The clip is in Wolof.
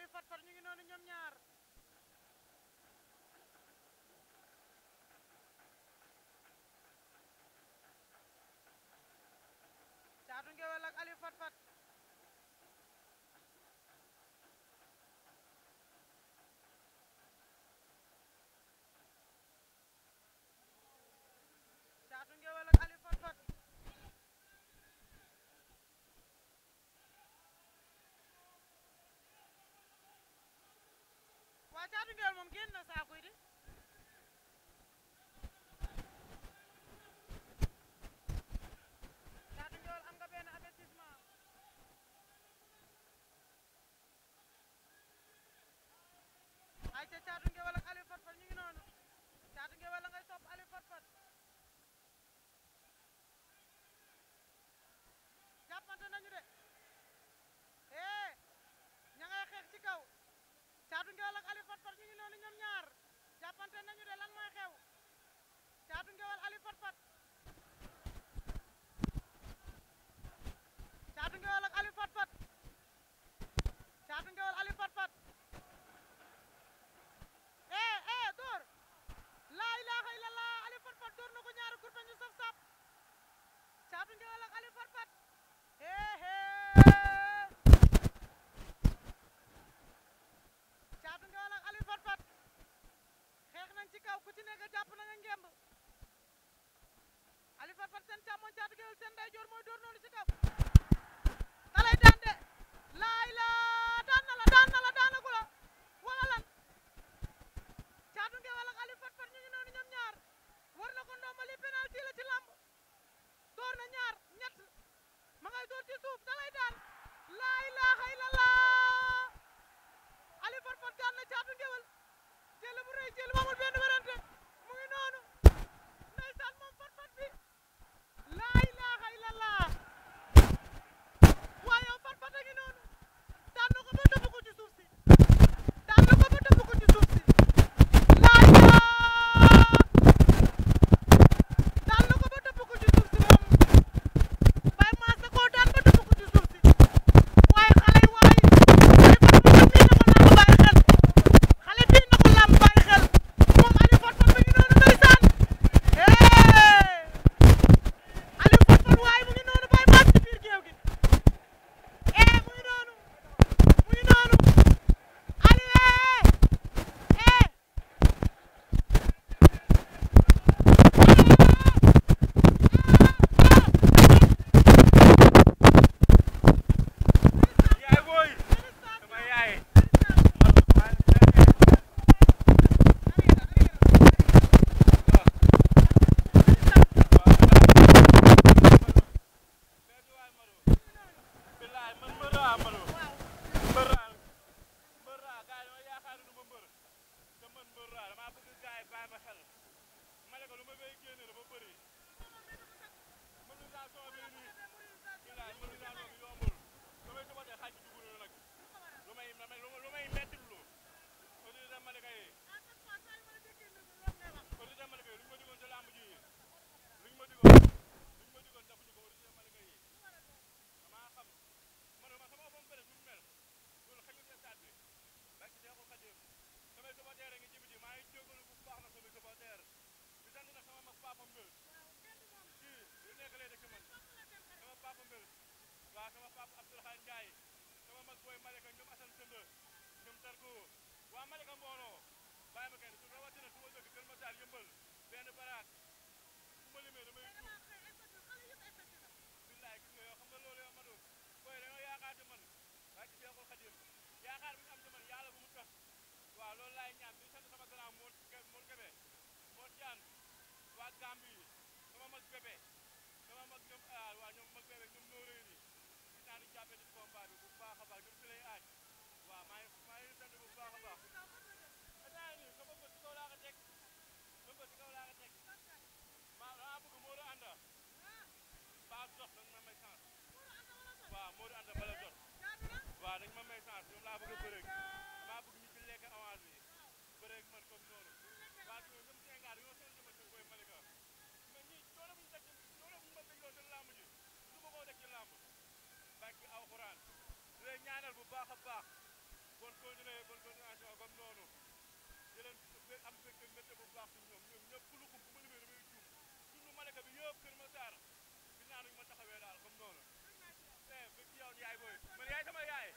Aliou Fat ngi noonu ñoom ñaar Caatu Ngéwél ak Aliou Fat Caatu Ngéwél moom génn na saako yi de. Ngewel ak Aliou Fat Fat ñu ngi noonu ñoom ñaar jàppante nañu de lan mooy xew Joor mooy door noonu ci kaw da lay daan de laay la daan na la daan na la daanagu la wala lan caatu ngewal ak Aliou Fat Fat ñu ngi noonu ñoom ñaar war na ko ndomba li penalty la ci làmb door na ñaar ñett ma ngay door ci suuf da lay daan laa ilaaha illallah Aliou Fat Fat daan na caatu ngewal jël bu rëy jël bu amul benn werante dëggalee dëkk man sama papa Mbél waaw sama papa Abdoulaye Ndiaye sama mag booy Malika ñoom Assane Sëmba ñoom Tarko waa Malika mbooloo bàyyi ma kenn su rawatina su ma dëkk Kër Massar yëmbal benn baraat su ma limee damay billaay gis nga yow xam nga loolu yow Madou booy dañoo yaakaar ci man waaye ci Seexul Xadim yaakaar bi am ci man bu mu tax waaw loolu laay ñaan di sama grand Mor Mor Kébé Mor waa Gambie sama mag Kébé ñoom ñoom waaw ñoom mag bébé ñoom ñoo rëy nii gis naa ni jàppee ci combat bi bu baax a baax ñoom si lay aaj waaw maa ngi maa ngi sant bu baax a baax ataa ni sama bët si kaw laa ko teg sama bët si kaw laa ko teg maa daa bëgg Modou Anta baa jot dañ ma may chance waaw Modou Anta bala jot waaw dañ ma may chance ñoom laa bëgg a bëreeg maa bëgg ñu ci lekk avance bi bëreeg man comme noonu waaw sama cinq ans baax a baax bon continuer bon continuation comme noonu di leen am fekk météo bu baax si ñoom ñoom ñëpp lu ko bu ma limee damay juum suñu malaka bi yëpp Kër Massar bi naanuñu ma taxawee daal comme noonu eh bëgg yow yaay booy man yaay sama yaay